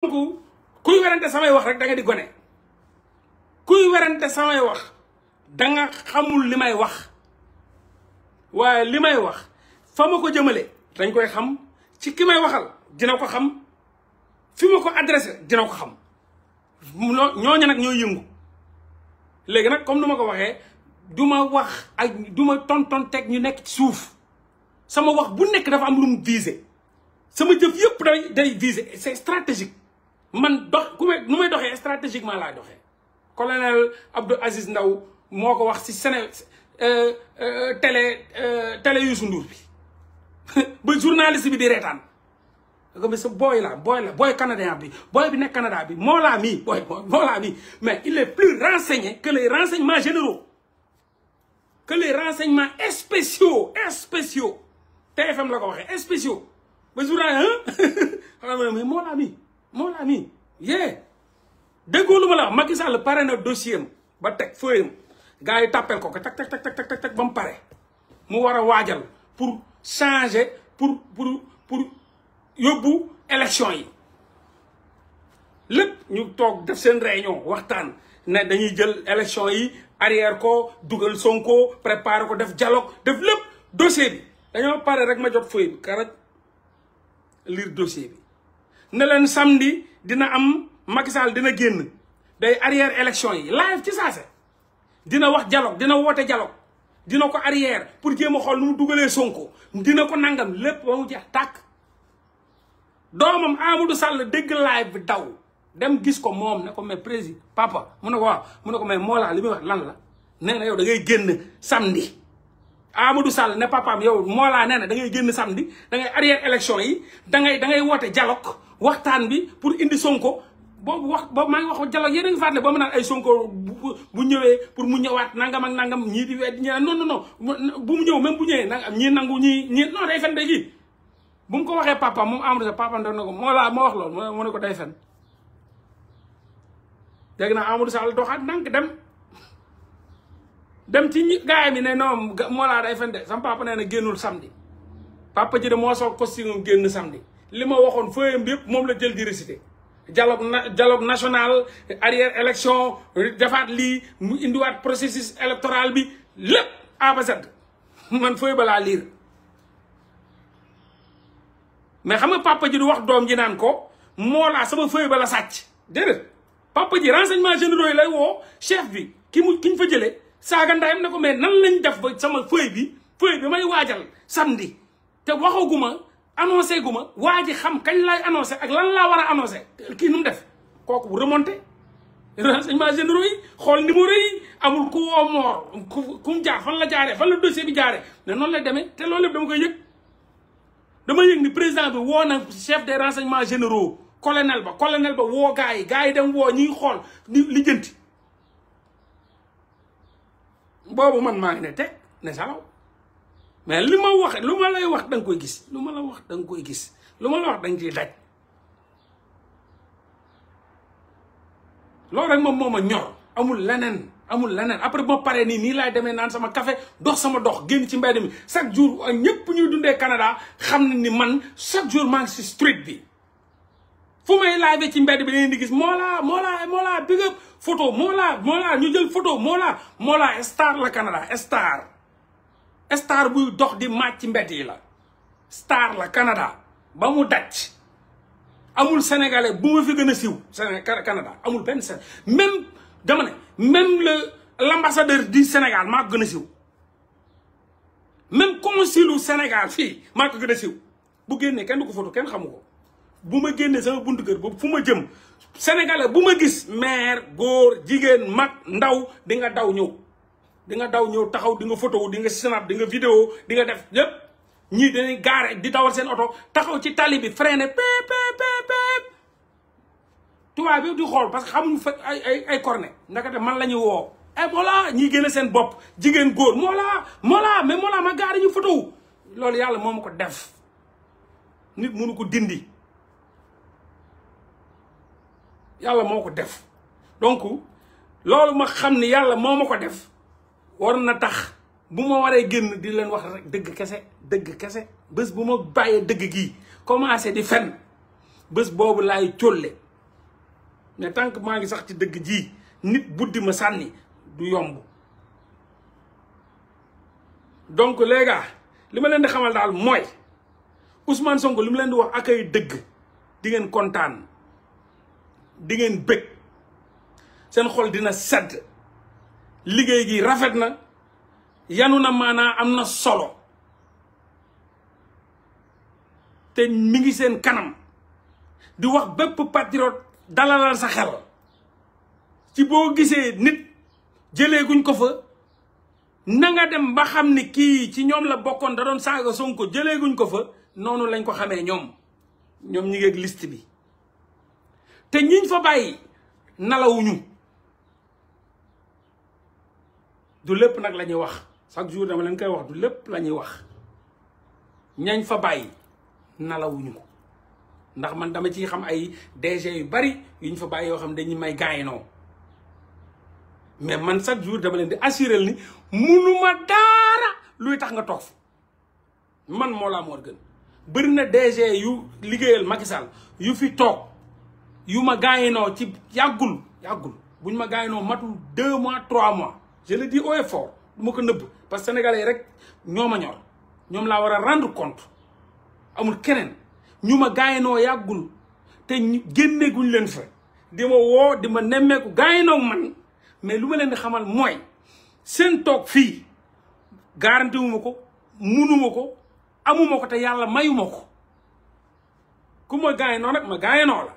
ku kuy werante samay wax rek da nga di gone kuy samay wax danga xamul li may wax waaye li may wax fa ma ko jëmale dañ koy xam ci ki may waxal dina ko xam fi ma ko adressé dina ko xam ñooñu nag ñooy yëngu léegi nag comme nu ma ko waxee du ma wax ak duma ma tonton teg ñu nekk ci suuf sama wax bu nekk dafa am lu visé sama jëf yëpp day day visé c'est stratégique man dox ku may nu may doxee stratégiquement laay doxee colonel Abdou Aziz Ndaw moo ko wax si Séné euh, euh, télé euh, télé Youssou Ndour bi ba journaliste bi di reetaan booy la booy la booy bi booy bi nekk Canada bi moo laa mii mais il est plus renseigné que les généraux que les renseignements spéciaux TFM la ko waxee spéciaux ba journal ah xanaa ma ne mais moo laa mii moo ami yee déggoo lu ma la wax Macky Sall pare na dossier ba teg feuille am gars yi tàppel ko ko teg teg teg teg ba mu pare mu war a waajal pour changer pour pour pour yóbbu élection yi lépp ñu toog def seen réunion waxtaan ne dañuy jël élection yi arrière ko dugal Sonko préparer ko def dialogue def lépp dossier bi dañoo pare rek ma jot feuille bi karaj lire dossier bi ne leen samedi dina am Macky Sall dina génn day arrière élection yi live ci saase dina wax dialogue dina woote dialogue dina ko arrière pour jéem a xool nu mu dugalee Sonko dina ko nangam lépp ba mu jeex tàkk doomam Amadou Sall dégg live bi daw dem gis ko moom ne ko mais président papa mu ne ko waaw mu ne ko mais moolaa li muy wax lan la nee na yow da ngay génn samedi Amadou Sall ne papaam yow Mollah nee na da ngay génn samedi da ngay arrière élection yi da ngay da ngay woote dialogue waxtaan bi pour indi Sonko boobu wax boobu maa ngi wax dialogue yéen a ngi faat ne ba mu naan ay Sonko bu ñëwee pour mu ñëwaat nangam ak nangam ñii di wedd ñi non non bu mu ñëw même bu ñëwee nangam ñii nangu ñii ñii non day fen day kii bu mu ko waxee papa moom Amadou Sall papa ko moo laa moo wax loolu moo ne ko day fen dégg naa Amadou Sall doxaat dem dem ci gaay mi ne non moo laa day fen de sama papa nee na génnul samedi papa ji de moo soog génn samedi li ma waxoon fooyam bi moom la jël di récité dialogue na national arrière élection defaat lii mu indiwaat processus électoral bi lépp A sedd man fooy balaa liir mais xam nga papa ji du wax doom ji naan ko moo laa sama fooy bala sàcc déedéet papa ji renseignement généraux yi lay woo chef bi ki mu kiñ fa jëlee saaga ndayam na ko mais nan lañ def ba sama fooy bi fooy bi may waajal samedi te waxaguma annoncé gu ma waa ji xam kañ laay annoncé ak lan laa war a annoncé kii nu mu def kooku remonté renseignement généraux yi xool numéro yi amul ku woo moor ku mu jaar fan la jaare fan la dossier bi jaaree ne noonu lay demee te loolu lépp dama koy yëg dama yëg ni président bi woo na chef des renseignements généraux colonel ba colonel ba woo gars yi gars dem woo ñuy xool ni lijjanti boobu man maa ngi ne teg ne salaw mais li ma wax lu ma lay wax da nga koy gis lu ma la wax da nga koy gis lu ma la wax da nga ciy daj loolu rek moom moo ma ñor amul leneen amul leneen après boo paree nii nii laay demee naan sama café dox sama dox génn ci mbedd mi chaque jour euh, ñëpp ñuy dundee Canada xam na ni man chaque jour maa ngi si street bi fu may live ci mbedd bi leen di gis Mollah Mollah Mollah big up photo Mollah Mollah ñu jël photo Mollah Mollah star la Canada star star buy dox di màcc mbedd yi la star la Canada ba mu daj amul sénégalais bu ma fi gën a siiw Canada amul benn Sénégal même dama ne même le l'ambassadeur du Sénégal maa ko gën a siiw même fii maa ko gën a siiw bu génnee kenn du ko foto kenn xamu ko bu ma génnee sama buntu kër boobu fu ma jëm sénégalais bu ma gis maire góor jigéen mag ndaw dinga daw ñëw di nga daw ñëw taxaw di nga photo di nga snap di nga vidéo di def yépp ñii dañuy gaare di dawal seen oto taxaw ci tali bi freiné pep pep pep tubaab bi di xool parce que xamuñu fa ay ay ay cornet ndaka def man la ñuy woo e eh, moolaa ñii génne seen bopp jigéen góor moolaa moolaa mais moolaa ma gaari ñu photo loolu yàlla moo ko def nit mënu ko dindi yàlla moo ko def donc loolu ma xam ni yàlla moo ma ko def war na tax bu ma waree génn di leen wax rek dëgg kese dëgg kese bés bu ma bàyyee dëgg gii commencé di fen bés boobu laay cólle ne tant maa ngi sax ci dëgg ji nit buddi ma sànni du yomb donc les gars li ma leen di xamal daal mooy Ousmane Sonko li mu leen di wax ak ay dëgg di ngeen kontaan di ngeen bëgg seen xol dina sedd liggéey gi rafet na yanu na maanaa am na solo te mi ngi seen kanam di wax bépp patriote dalalal sa xel ci boo gisee nit jëlee guñ ko fa nanga dem ba xam ni kii ci ñoom la bokkoon da doon saaga Sonko jëlee guñ ko fa noonu lañ ko xamee ñoom ñoom ñi ngeeg liste bi te ñiñ fa bàyyi nalawuñu du lépp nag la ñuy wax chaque jour dama leen koy wax du lépp la ñuy wax ñañ fa bàyyi nalawuñu ko ndax man dama ci xam ay DG yu bari yuñ fa bàyyi yoo xam dañuy may gaayinoo mais man chaque jour dama leen di assurer ni munuma daara luy tax nga toog man moo laa moo gën bëri na DG yu liggéeyal Macky yu fi toog yu ma gaayinoo ci yàggul yàggul buñ ma gaayinoo matul deux mois trois mois je le dis haut et ko nëbb parce que yi rek ñoo ma ñor ñoom laa war a rendre compte amul keneen ñu ma gaayanoo yàggul te génneeguñ leen fa di ma woo di ma nemmeeku gaayanoo man mais lu ma leen di xamal mooy seen toog fii garanti wu ko munuma ko amuma ko te yàlla mayuma ko ku ma gaayanoo nag ma gaayanoo la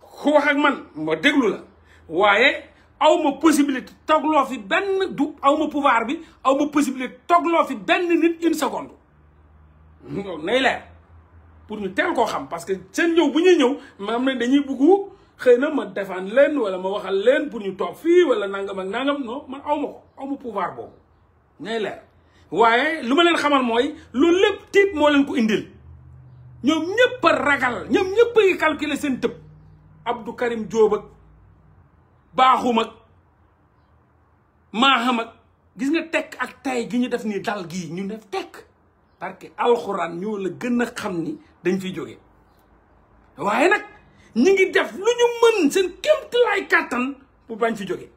ku wax ak man ma déglu la waaye aw ma possibilité loo fi benn du aw ma pouvoir bi aw ma possibilité loo fi benn nit une seconde loolu nay leer pour ñu teel koo xam parce que seen ñëw bu ñuy ñëw ma am ne dañuy buggu xëy na ma defaan leen wala ma waxal leen pour ñu toog fii wala nangam ak nangam non man aw ko aw ma pouvoir boobu nay leer waaye lu ma leen xamal mooy loolu lépp tiit moo leen ko indil ñoom ñëpp a ragal ñoom ñëpp a calculer seen tëb Abdou Karim Diop ak baaxum ak maaxam gis nga tekk ak tay gi ñu def nii dal gii ñu def tekk parce que alxuraan ñoo la gën a xam ni dañ fiy jóge waaye nag ñi ngi def lu ñu mën seen kéemtalaay kàttan bu bañ fi jóge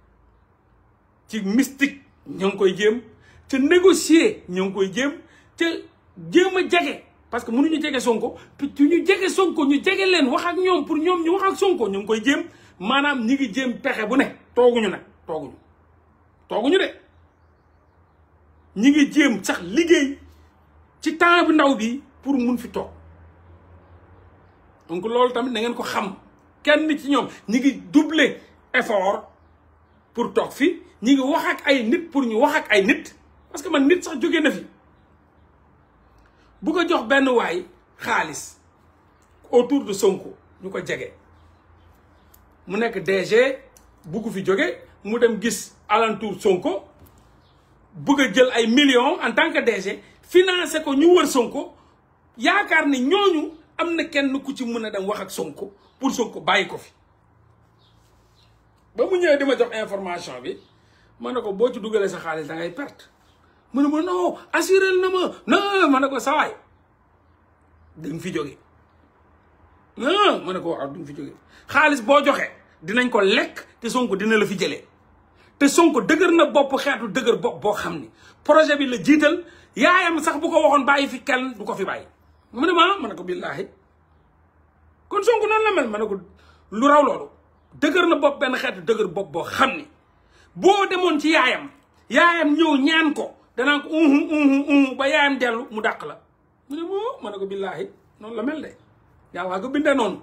ci mystique ñoo ngi koy jéem ca négocier ñoo ngi koy jéem ca jéem a jege parce que mënuñu jege sonko ci ñu jege sonko ñu jege leen wax ak ñoom pour ñoom ñu wax ak sonko ñu ngi koy jéem maanaam ñi ngi jéem pexe bu ne tooguñu nag tooguñu tooguñu de ñi ngi jéem sax liggéey ci temps bu ndaw bi pour mun fi toog donc loolu tamit na ngeen ko xam kenn ci ñoom ñi ngi doubler effort pour toog fi ñi ngi wax ak ay nit pour ñu wax ak ay nit parce que man nit sax jóge na fi bu ko jox benn waay xaalis autour de Sonko ñu ko jege mu nekk DG bugg fi jóge mu dem gis alentour Sonko bëgg a jël ay millions en tant que DG financé ko ñu wër Sonko yaakaar ni ñooñu am na kenn ku ci mën a dem wax ak Sonko pour Sonko bàyyi ko fi ba mu ñëwee di ma jox information bi ma ne ko boo ci dugalee sa xaalis da perte mu ne ma non assuré na ma non ma ne ko sawaay da nga fi jóge non ma ne ko waaw du nga fi jóge xaalis boo joxe dinañ ko lekk te Sonko dina la fi jëlee te Sonko dëgër na bopp xeetu dëgër bopp boo xam ni projet bi la jiital yaayam sax bu ko waxoon bàyyi fi kenn du ko fi bàyyi mu ne ma ma ne ko billaahi kon Sonko noonu la mel ma ne ko lu raw loolu dëgër na bopp benn xeetu dëgër bopp boo xam ni boo demoon ci yaayam yaayam ñëw ñaan ko danaa ko uhu mu dàq la mu ne ma ne ko billaahi la mel de yàllaa ko bindee noonu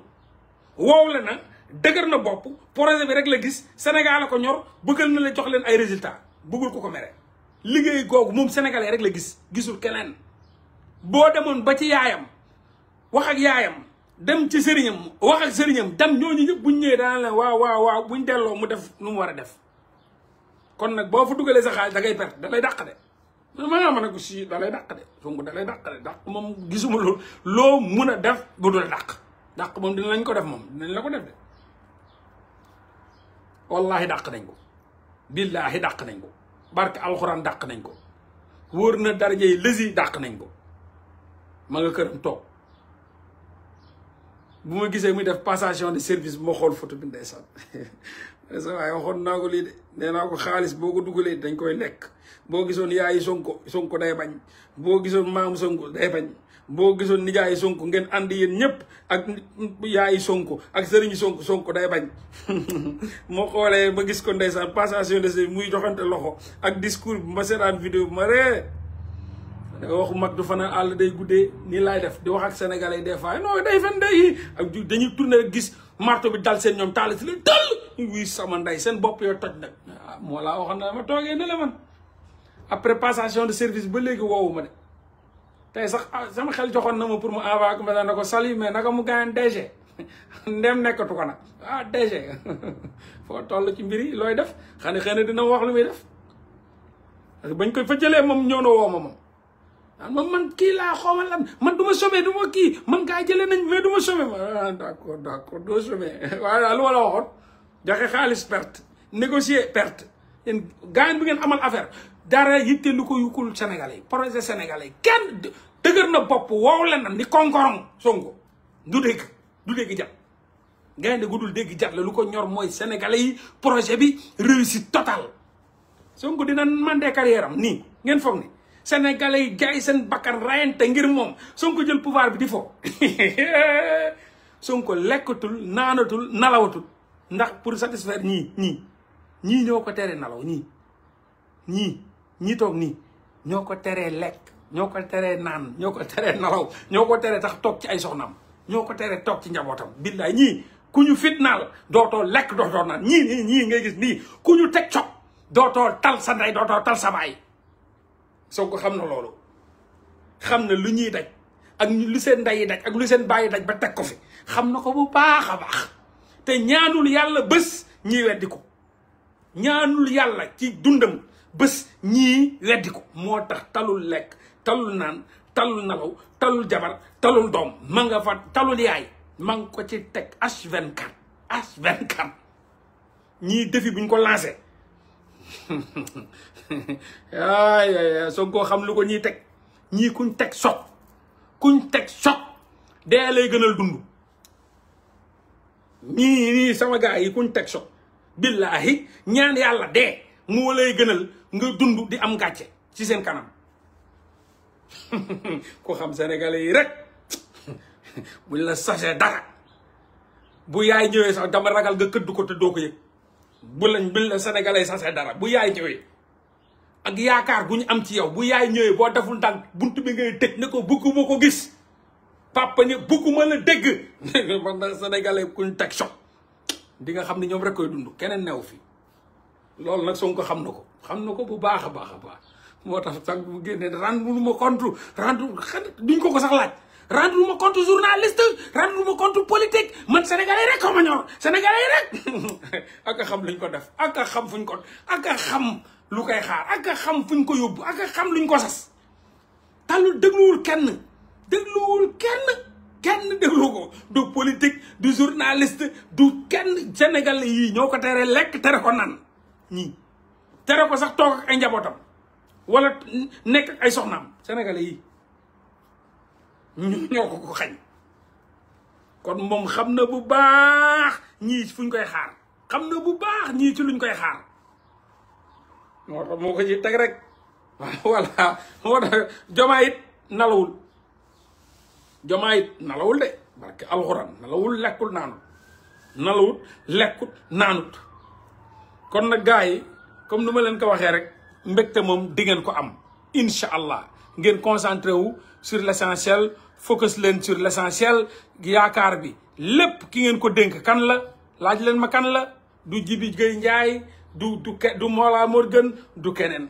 na dëgër na bopp projet bi rek la gis Sénégal la ko ñor bëggal na la jox leen ay résultats bëggul ko ko mere liggéey googu moom sénégalais rek la gis gisul keneen boo demoon ba ci yaayam wax ak yaayam dem ci sëriñam wax ak sëriñam dem ñooñu ñëpp buñ ñëwee daan la waaw waaw waaw buñ delloo mu def nu mu war a def kon nag boo fa dugalee sa xaalis da ngay perte da lay dàq de ma nga ma ne ko si da lay dàq de donc dalay lay dàq de dàq moom gisuma loolu loo mun a def bu dul dàq dàq moom dina lañ ko def moom dinañ la de wallahi daq nañ ko billahi daq nañ ko barke alxuraan dàq nañ ko wóor na daraja yi lësi dàq nañ ko ma nga këram toog bu ma gisee muy def passation de service bu ma xool photo bi ndeysaan sa waaye waxoon naa ko lii de nee naa ko xaalis boo ko dugalee dañ koy lekk boo gisoon yaayi Sonko Sonko day bañ boo gisoon maamu Sonko day bañ boo gisoon nijaayi Sonko ngeen ànd yéen ñëpp ak yaayi Sonko ak sëriñu Sonko Sonko day bañ moo xoolee ba gis ko ndeysaan passation de service muy joxante loxo ak discours bi ma seetaan vidéo bi ma ree waxu mag du fanaan àll day guddee nii laay def di wax ak sénégalais des fois non day fen day ak dañuy tourné rek gis marto bi dal seen ñoom taal si la sama nday seen bopp yoo toj nag ah, moo laa waxoon na ma toogee ne la après passation de service ba léegi woowu ma de tey sax a ah, sama xel joxoon na ma pour mu envoyé ko ma ne ko sali mais naka mu gaañ DG ndem nekkatu ko nag ah, foo toll ci mbir looy def xane xëy na dina wax lu muy def bañ koy fa jëlee moom ñëw na woo ma moom. ah man man kii laa xoomal lan man du ma sauvé du ma kii man gaa jëlee nañ mais du ma sauvé ma ah, d' accord d' accord doo sauvé waaye daal lu waxoon joxe xaalis perte négocier perte yéen gaañ bi ngeen amal affaire. dara yitte lu ko yukkul sénégalais projet sénégalais kenn dëgër na bopp wow lenam ni konkorom sonko du dégg du dégg jat ngay ne gudul dégg lu ko ñor mooy sénégalais yi projet bi réussite totale sonko dina mandé carrière am ni ngeen foog ni sénégalais yi jaay seen bakkan rayante ngir moom sonko jël pouvoir bi di fo sonko lekkatul naanatul nalawatul ndax pour satisfaire ñii ni ñii ñoo ko tere nalaw ñii ni ñi toog nii ñoo ko teree lekk ñoo ko teree naan ñoo ko teree nalaw ñoo ko teree tax toog ci ay soxnaam ñoo ko teree toog ci njabootam billaay ñii ku ñu fitnaal dootoo lekk dooto naan ñii nii ngay gis nii ku ñu teg cop dootoo tal sa ndey dootoo tal sa baay soo ko xam na loolu xam na lu ñuy daj ak lu seen ndey yi daj ak lu seen bàyyi daj ba teg ko fi xam na ko bu baax a baax te ñaanul yàlla bés ñiy weddi ko ñaanul yàlla ci dundam bés ñii weddi moo tax talul lekk talul naan talul nalaw talul jabar talul doom ma nga fa talul yaay ma ngi ko ci teg H24 H24 ñii défi buñ ko lancé ay ay soog xam lu ko ñii teg ñii kuñ teg sot kuñ teg sot dee lay gënal dund ñii nii sama gars yi kuñ teg sot billaahi ñaan yàlla dee moo lay gënal nga dund di am gàcce ci seen kanam ku xam sénégalais yi rek buñ la sosee dara bu yaay ñëwee sax dama ragal nga këdd ko te doo ko yëg bu lañ buñ la sénégalais yi dara bu yaay ñëwee ak yaakaar bu ñu am ci yow bu yaay ñëwee boo deful ndànk bunt bi ngay tëj ne ko bëgguma ko gis papa ñë bëgguma la dégg man na sénégalais kuñ teg choc di nga xam ne ñoom rek koy dund keneen new fii loolu nag Sonko xam na ko xam na ko bu baax a baax a moo tax sànq bu génnee rendre lu ma compte rendre duñ ko ko sax laaj moo lu ma compte journaliste rendre lu ma compte politique man sénégalais rek ko ma ak xam luñ ko def ak xam fuñ ko ak lu koy xaar ak xam fuñ ko yóbbu ak a xam luñ ko sas tàllu kenn dégluwul kenn kenn déglu ko du politique du journaliste du kenn sénégalais yii ñoo ko tere lekk tere ko nan ñii tere ko sax toog ay njabootam wala nekk ay soxnaam sénégalais yi ñu ñoo ko ko xañ kon moom xam na bu baax ñii fuñ koy xaar xam na bu baax ñii ci luñ koy xaar moo tax moo ko rek voilà moo tax jomaa it nalawul jomaa it nalawul de barke alxuraan nalawul lekkul naanut nalawut lekkut naanut kon nag gars yi comme nu ma leen ko waxee rek mbégte moom di ngeen ko am incha allah ngeen concentré wu sur l' essentiel focus leen sur l' essentiel yaakaar bi lépp ki ngeen ko dénk kan la laaj leen ma kan la du Jibi Gueye Ndiaye du du du Mollah Morgun du keneen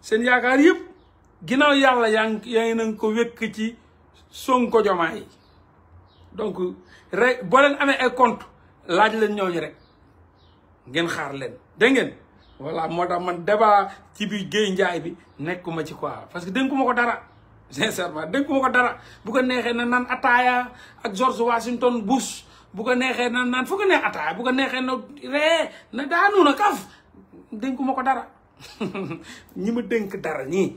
seen yaakaar yëpp ginnaaw yàlla yaa ngi nañ ko wékk ci Sonko Diomaye donc rek boo leen amee ay compte laaj leen ñooñu rek ngeen xaar leen dégg ngeen voilà moo tax man ci biir géey njaay bi nekkuma ci quoi parce que dénkuma ko dara sincèrement dénkuma ko dara bu ko neexee na naan ataaya ak George Washington Bush bu ko neexee na naan fu ko neex ataaya bu ko neexee na ree na daanu na kaf dénkuma ko dara ñi ma dénk dara ñii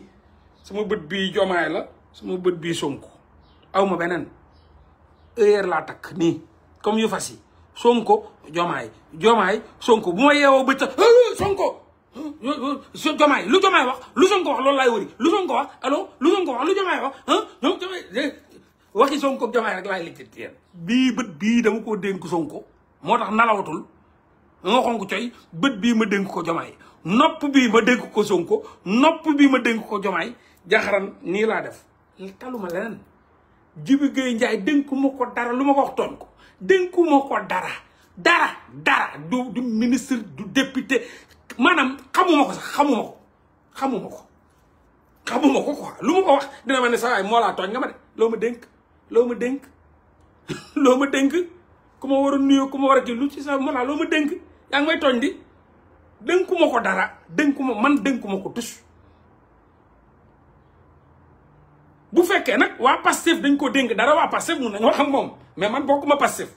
sama bët bii jomaay la sama bët bii Sonko awma beneen heure laa takk nii comme yu fas yi Sonko Jomaay Jomaay Sonko bu ma yeewoo bëccëg Sonko Jomaay lu Jomaay wax lu Sonko wax loolu laay wëri lu Sonko wax allo lu Sonko wax lu Jomaay wax ñoom Jomaay eh, waxi Sonko ak Jomaay rek laay lijjanti yéen bii bët bii dama koo dénk Sonko moo tax nalawatul nga xonk coy bët bii ma dénk ko Jomaay nopp bii ma dénk ko Sonko nopp bii ma dénk ko Jomaay jaxaran nii laa def taluma leneen Jibi Gueye Ndiaye dénk ko dara lu ma ko wax toon ko dénkuma ko dara dara dara du du ministre du député maanaam xamuma ko sax xamuma ko xamuma ko ko quoi lu ma ko wax dina ma ne sa waay moo laa tooñ nga ma de loo ma dénk loo ma dénk loo ma dënk ku ma war a nuyoo ku ma war a kii lu ci sa moo laa loo ma dénk yaa ngi may tooñ di dénkuma ko dara dénkuma man dénkuma ko tus bu fekkee nag waa Pastef dañ ko dénk dara waa Pastef mun nañu wax ak moom mais man bokkuma Pastef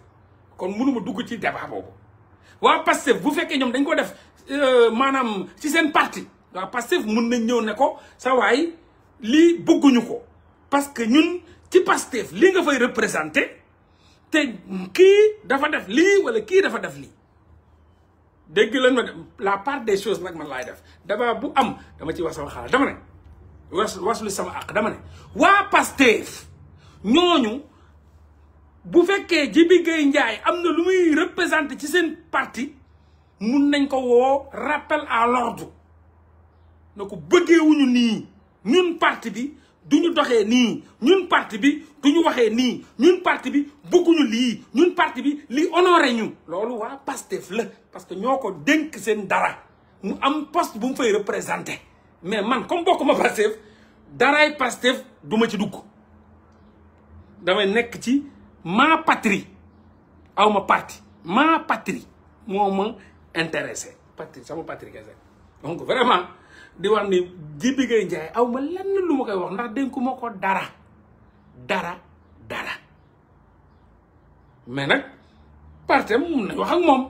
kon mënuma dugg ci débat boobu waa Pastef bu fekkee ñoom dañ ko def euh, maanaam ci seen parti waa Pastef mun nañ ñëw ne ko sa waay lii bëgguñu ko parce que ñun ci Pastef lii nga fay représenté te kii dafa def lii wala kii dafa def lii dégg leen ma dem la part des chose nag man laay def débat bu am dama ci wax sama xalaat dama ne was wasuli sama àq dama ne waa Pastef ñooñu bu fekkee Jibi Gueye am na lu muy représenté ci seen parti mun nañ ko woo rappel à l'ordre na ko bëggeewuñu nii ñun parti bi duñu doxee nii ñun parti bi ñu waxee nii ñun parti bi bëgguñu lii ñun parti bi li honoré ñu loolu waa Pastef la parce que ñoo ko dënk seen dara mu am poste bu mu fay représenté mais man comme bokkuma Pastef daraay Pastef du ma ci dugg damay nekk ci ma patrie aw ma parti ma patrie moo ma intéressé patrie sama patrie kese donc vraiment di wax ni Jibi Gueye Ndiaye aw ma lenn lu ma koy wax ndax dénku ma ko dara dara dara mais nag partem mun nañ wax ak moom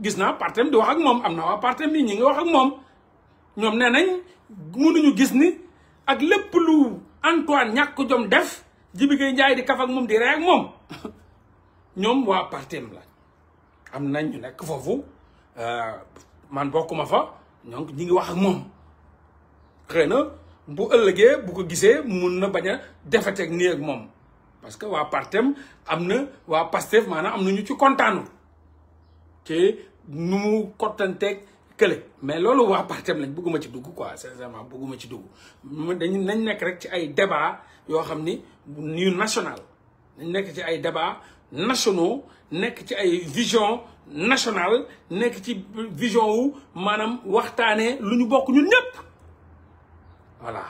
gis naa partem di wax ak moom am na waa partem bi ñi ngi wax ak moom ñoom nee nañ mënuñu gis ni ak lépp lu Antoine ñàkk jom def Jibi Gueye Ndiaye di kaf ak moom di ree ak moom ñoom waa partim la am nañ ñu nekk foofu euh, man bokkuma fa donc ñi ngi wax ak moom xëy na bu ëllëgee bu ko gisee mun na bañ a defeteeg nii ak moom parce que waa partem am na waa Pastef maanaam am na ñu ci kontaanu ci nu mu kottanteek kële mais loolu waa partem lañ bëgguma ci dugg quoi sincèrement bëgguma ci dugg dañu nañ nekk rek ci ay débat yoo xam ni yu national nañ nekk ci ay débat nationaux nekk ci ay vision nationale nekk ci vision wu maanaam waxtaanee lu ñu bokk ñun ñëpp voilà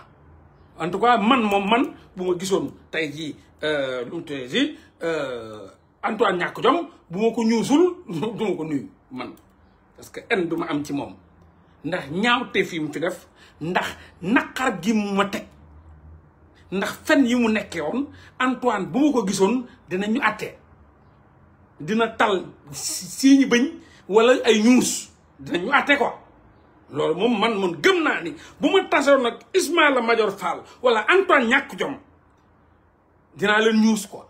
en tout cas man moom man bu ma gisoon tey jii euh, lu mu tey jii ñàkk jom bu ma ko ñuusul du ma ko nuyu man parce que en du ma am ci moom ndax ñaawteef fii mu fi def ndax naqar gi mu ma teg ndax fen yi mu nekkee woon Antoine bu ma ko gisoon dinañu àttee dina tal siiñi bëñ wala ay ñuus dinañu àtte ko loolu moom man man gëm naa ni bu ma tasewoon nag la major Fall wala Antoine ñàkk jom dinaa leen ñuus ko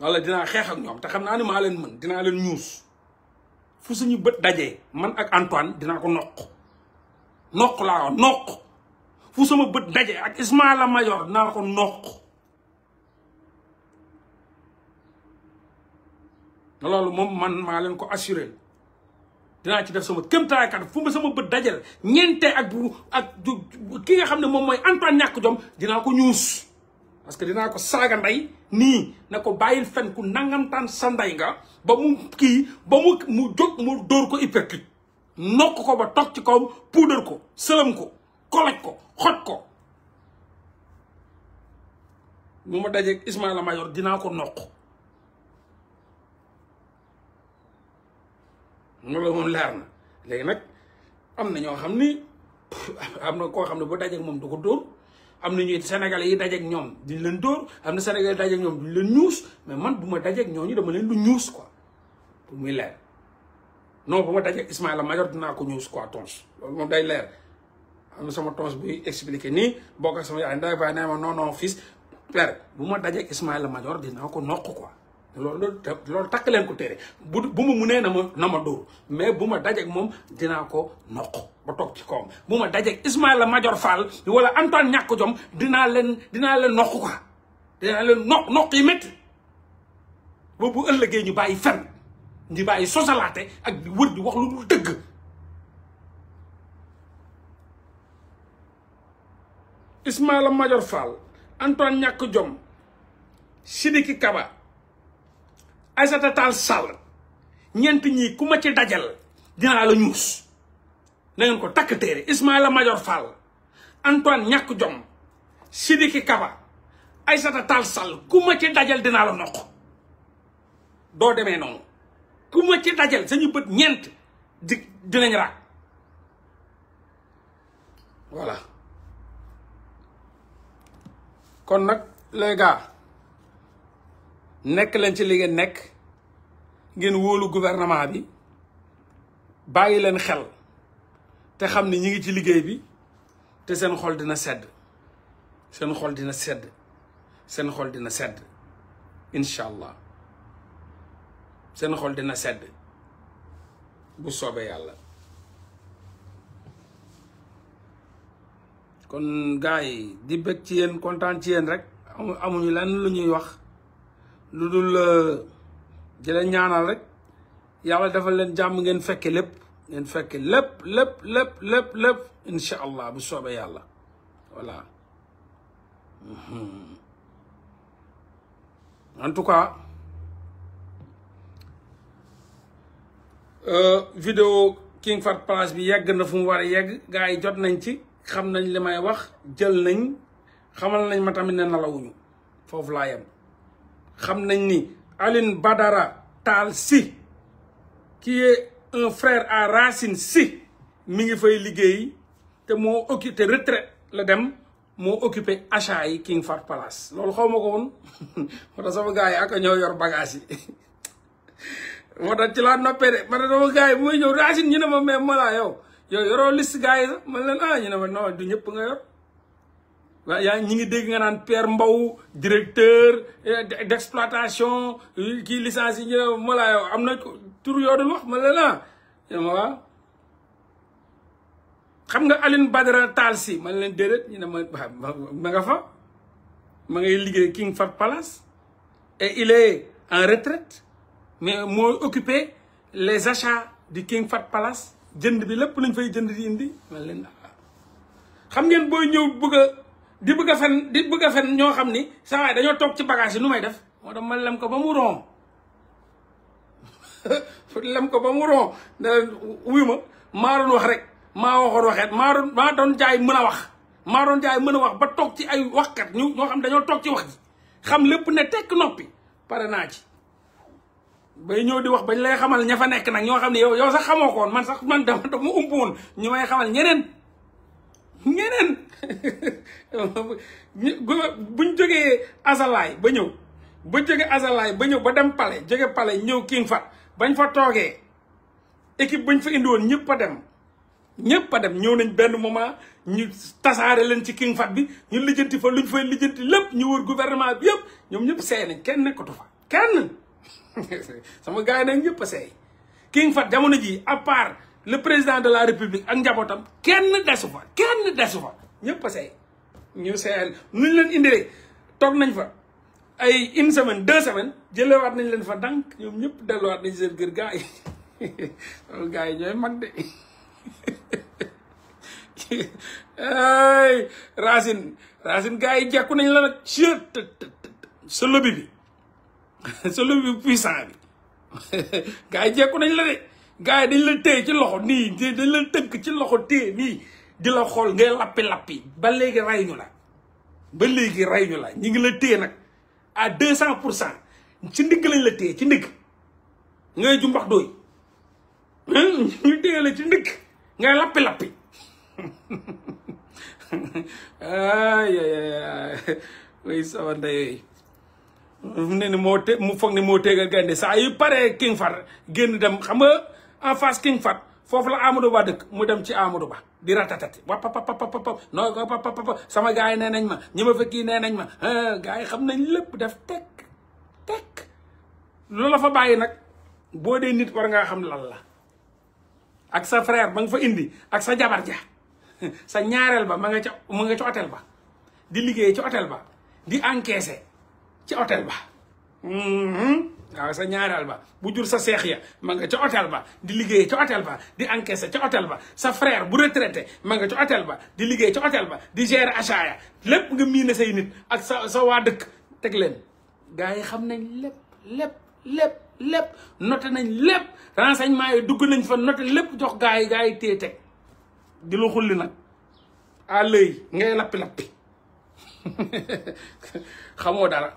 wala dinaa xeex ak ñoom te xam naa ni maa leen mën dinaa leen ñuus fu suñu bët dajee man ak Antoine dinaa ko noq noq laa ko noq fu sama bët dajee ak Ismaïla Madior dinaa ko noq loolu moom man maa leen ko assuré dinaa ci def sama kéemtaay kat fu ma sama bët dajal ñeente ak bu ak ki nga xam ne moom mooy Antoine ñàkk jom dinaa ko ñuus parce que dinaa ko saaga ndey nii na ko bàyyil fenku ku nangantaan sa ndey nga ba mu kii ba mu mu jóg mu dóor ko hypercute nokk ko ba toog ci kawam puudar ko sëlam ko koloj ko xoj ko mu ma dajeeg Ismaïla dinaa ko noq loolu moom leer na léegi nag am na ñoo xam ni am na koo xam ne boo dajeeg moom du ko dóor am na ñuy sénégalais yi dajeeg ñoom duñ leen dóor am na sénégalais yi dajeeg ñoom duñ leen ñuus mais man bu ma dajeeg ñu dama leen lu ñuus quoi pour muy leer non bu ma dajeeg Ismaïla dinaa ko ñuus quoi tons loolu moom day leer am na sama tons buy expliqué nii bokk ak sama yaay nday baay nee ma non non fils leer bu ma dajeeg Ismaïla Madior dinaa ko noq quoi loolu loolu takk leen ko téere bu ma munee na ma na dóor mais bu ma dajeeg moom dinaa ko noq ba toog ci kawam bu ma dajeeg Ismaïla Madior Fall wala Antoine ñàkk jom dinaa leen dinaa leen noq quoi dinaa leen noq noq yi métti boobu ëllëgee ñu bàyyi fen ñu bàyyi ak di wër di wax dëgg Ismaïla Madior Fall Antoine ñàkk jom Sidiki Kaba Aïssata Tall Sall ñeent ñii ku ma ci dajal dinaa la ñuus na ngeen ko takk téere Ismaïla Madior Fall Antoine ñàkk jom Sidiki Kaba Aïssata Tall Sall ku ci dajal dinaa la noq doo demee noonu ku ma ci dajal sañu bët ñeent di dinañ raak voilà kon nag les nekk leen ci li nekk ngeen wóolu gouvernement bi bàyyi leen xel te xam ni ñi ngi ci liggéey bi te seen xol dina sedd seen xol dina sedd seen xol dina sedd incha allah seen xol dina sedd bu soobee yàlla kon gars yi di bëgg ci yéen kontaan ci yéen rek amuñu lenn lu ñuy wax lu dul euh, di leen ñaanal rek yàlla defal leen jàmm ngeen fekke lépp ngeen fekke lépp lépp lépp lépp lépp incha allah bu soobee yàlla voilà hmm. en tout cas euh, vidéo King Fahd Palace bi yegg na fu mu war a yegg gars yi jot nañ ci xam nañ li may wax jël nañ xamal nañ ma tamit ne nalawuñu foofu laa yem xam nañ ni Aline Badara Tall Sy qui est un frère à Racine Sy mi ngi fay liggéey te moo occupé retraite la dem moo occupé achat yi King Fahd Palace loolu xaw ma ko woon moo tax sama gars yi ak ñoo yor bagage yi moo tax ci laa noppee de ma ne sama gars yi bu may Racine ñu ne ma mais Mollah yow yow yoroo liste gars yi sax man leen ah ñu ne ma non du ñëpp nga yor waaw yaa ñi ngi dégg nga naan Père Mbow directeur eh, d'exploitation kii licence yi ñëw ma laa am na tur yoo doon wax ma la laa xam nga alin Badara Tall si man leen déedéet ñu ne ma ma nga fa ma ngay liggéey King Fahd Palace et il est en retraite mais moo occupé les achats di King Fahd Palace jënd bi lépp lañ fay jënd di indi man leen ah. xam ngeen booy ñëw bëgg di bëgg a fen di bëgg a fen ñoo xam ni saa waay dañoo toog ci bagage nu may def moo tax ma lem ko ba mu ron lem ko ba mu ron ne wuyu ma maa doon wax rek maa waxoon waxeet maa doon maa doon jaay mën a wax maa doon jaay mën a wax ba toog ci ay waxkat ñu ñoo xam dañoo toog ci wax ji xam lépp ne tekk noppi pare naa ci bay ñëw di wax bañ lay xamal ña fa nekk nag ñoo xam ne yow yow sax xamoo koon man sax man dama mu ump woon ñu may xamal ñeneen ñeneen buñ jógee asalaay ba ñëw ba jóge asalaay ba ñëw ba dem pale jóge pale ñëw king fat bañ fa toogee équipe bañ fa indiwoon ñëpp dem ñëpp a dem ñëw nañ benn moment ñu tasaare leen ci king fat bi ñu lijjanti fa lu luñ fay lijjanti lépp ñu wër gouvernement bi yëpp ñoom ñëpp seey nañ kenn nekkatu fa kenn sama gars yi nag ñëpp a seey fat jamono ji à part le président de la république ak njabootam kenn desu fa kenn desu fa ñëpp a seey ñu seeyal nuñ leen indilee toog nañ fa ay une semaine deux semaines waat nañ leen fa dànk ñoom ñëpp delluwaat nañ seen kër gars yi loolu ñooy mag de ay Racine Racine gars yi jekku nañ la nag chett sa lobby bi sa lobby bi puissant gars yi jekku nañ la de gars yi dañ la téye ci loxo nii dañ la tënk ci loxo téye nii di la xool ngay lappi-lappi ba léegi rey la ba léegi rey ñu la ñu ngi la téye nag a deux cent pour cent ci ndigg lañ la téye ci ndigg ngay ci ndigg ngay lappi-lappi ay ay sama ndey mu ne ni moo te mu foog ne moo téegal gaynde saa yu paree King Far génn dem xam nga en face King Fat foofu la Amadou Ba dëkk mu dem ci Amadou Ba di ratatati wa pa pa pa pa non pa pa pa sama gars yi nee nañ ma ñi ma fekki nee nañ ma ah, gars yi xam nañ lépp def tekk tekk loolu la fa bàyyi nag boo dee nit war ngaa xam lan la ak sa frère ba nga fa indi ak sa jabar ja sa ñaareel ba ma nga ca ma nga ci hôtel ba di liggéey ci hôtel ba di encaisser ci hôtel ba mm-hmm. waaw sa ñaareel ba bu jur sa seex ya ma nga ca hôtel ba di liggéey ca hôtel ba di encaissé ca hôtel ba sa frère bu retraité ma nga ca hôtel ba di liggéey ca hôtel ba di gérer achat ya lépp nga miine say nit ak sa sa waa dëkk teg leen gars yi xam nañ lépp lépp lépp lépp nañ lépp renseignement yi dugg nañ fa noté lépp jox gars yi gaa yi téye teg di lu xulli nag à l'œil ngay lappi-lappi xamoo dara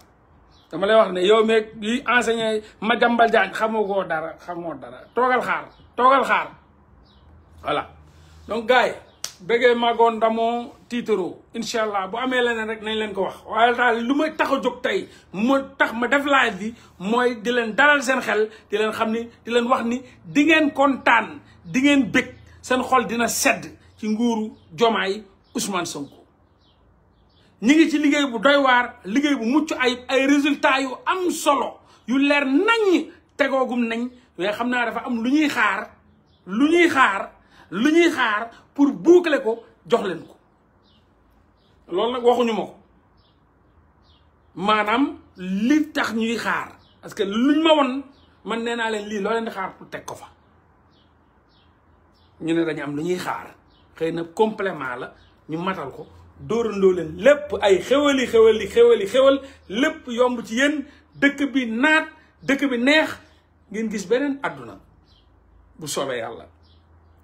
dama lay wax ne yow meeg yuy enseigné Madiambal Diagne xamoo koo dara xamoo dara toogal xaar toogal xaar voilà donc gars yi bëggee magoon ndamoo tiitaro incha allah bu amee leneen rek nañ leen ko wax waaye daal lu may tax a jóg tey ma tax ma def live bi mooy di leen dalal seen xel di leen xam ni di leen wax ni di ngeen kontaan di ngeen bëgg seen xol dina sedd ci nguuru Jomaay Ousmane Sonko ñi ngi ci liggéey bu doy waar liggéey bu mucc ayib ay résultats yu am solo yu leer naññ tegoogum nañ mais xam naa dafa am lu ñuy xaar lu ñuy xaar lu ñuy xaar pour boucler ko jox leen ko loolu nag waxuñu ma ko maanaam li tax ñuy xaar parce que luñ ma won man nee naa leen lii loo leen di xaar pour teg ko fa ñu ne dañu am lu ñuy xaar xëy na complément la ñu matal ko dóorandoo leen lépp ay xewali xewali xewali xewal lépp yomb ci yéen dëkk bi naat dëkk bi neex ngeen gis beneen àdduna bu soobee yàlla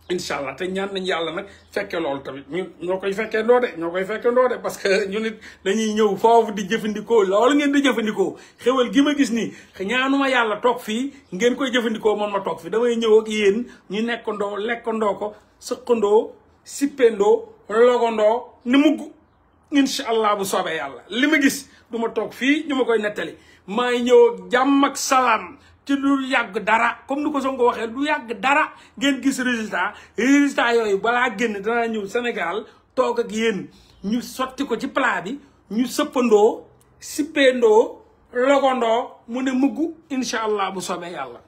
incha allah te ñaan nañ yàlla nag fekke loolu tamit ñu ñoo koy fekkee ndoo de ñoo koy fekkee ndoo de parce que ñu nit dañuy ñëw foofu di jëfandikoo loolu ngeen di jëfandikoo xewal gi ma gis nii ñaanuma yàlla toog fii ngeen koy jëfandikoo moom ma toog fii damay ñëw ak yéen ñu nekkandoo lekkandoo ko sëqandoo sippendoo logandoo ni mugg incha allah bu soobee yàlla li ma gis du ma toog fii ñu ma koy nettali maa ngi ñëw ak jàmm ak salaam ci lu yàgg dara comme ni ko ko waxee lu yàgg dara ngeen gis résultat résultat yooyu balaa génn danaa ñëw Sénégal toog ak yéen ñu sotti ko ci palaa bi ñu sëppandoo sippeendoo logandoo mu ne muggu incha allah bu soobee yàlla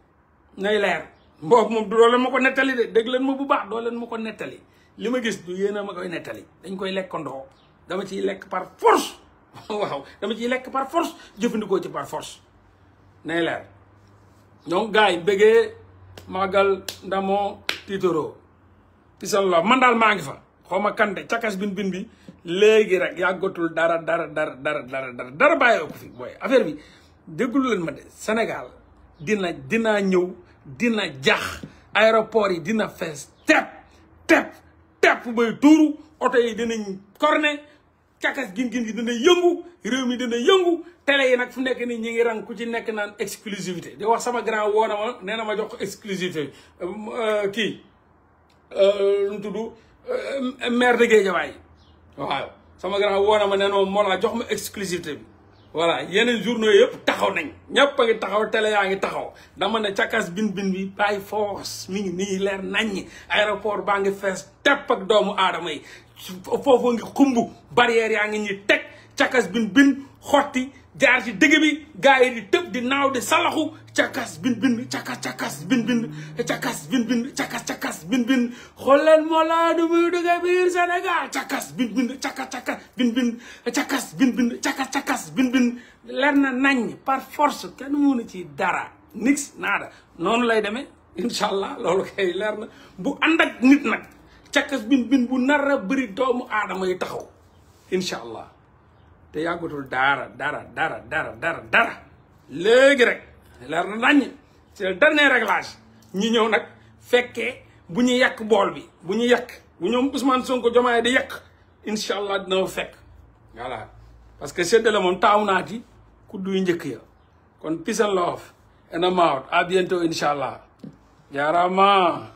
nay leer mboobu moom du doo leen ma ko nettali de dégg leen ma bu baax doo leen ma ko nettali li ma gis du yéen a ma koy nettali dañ koy lekkandoo dama ciy lekk par force dama ciy lekk par force jëfandikoo ci par force nay leer donc gars yi bëggee màggal ndamoo tiitoro pisal la man daal maa ngi fa xaw ma kante cakas bin bin bi léegi rek yàggatul dara dara dara dara dara dara dara bàyyoo fi booy affaire bi déglu leen ma de Sénégal dina dina ñëw dina jax aéroport yi dina fees tepp tepp tepp bay tuuru oto yi dinañ corné cakas gin-gin gi dina yëngu réew mi dina yëngu télé yi nag fu nekk ni ñi ngi rang ku ci nekk naan exclusivité di wax sama grand woo na ma nee na ma jox ko exclusivité euh, euh, kii lu euh, mu tudd maire de Guédiawaye waaw sama grand woo na ma nee na ma moo jox ma exclusivité bi voilà yeneen journaux yëpp taxaw nañ ñëpp ngi taxaw tele yaa ngi taxaw dama ne càkkas bin bin bi by force mi ngi nii leer naññi aéroport baa ngi fees tepp ak doomu aadama yi foofu ngi xumb barrière yaa ngi ñuy teg càkkas bin bin xotti jaar ci digg bi gars yi di tëb di naaw di salaxu cakas bin bin cakas cakas bin bin cakas bin bin cakas cakas bin bin xoolal Mollah du muy dugg biir Sénégal cakas bin bin cakas bin bin cakas bin bin cakas cakas na nañ par force kenn mënu ci dara nix naada noonu lay demee incha allah lool kay leer na bu ànd ak nit nag cakas bin bin bu nar a bëri doomu aadama yi taxaw incha allah te yàggatul dara dara dara dara dara dara leer na naññ c'est le dernier réglage ñi ñëw nag fekkee bu ñu yàq bool bi bu ñu yàq bu ñoom Ousmane Sonko Diomaye di yàq incha allah dina fekk voilà parce que seddale moom taamu naa ci kuddu njëkk ya kon peace and love and I'm out à bientôt allah jaaraama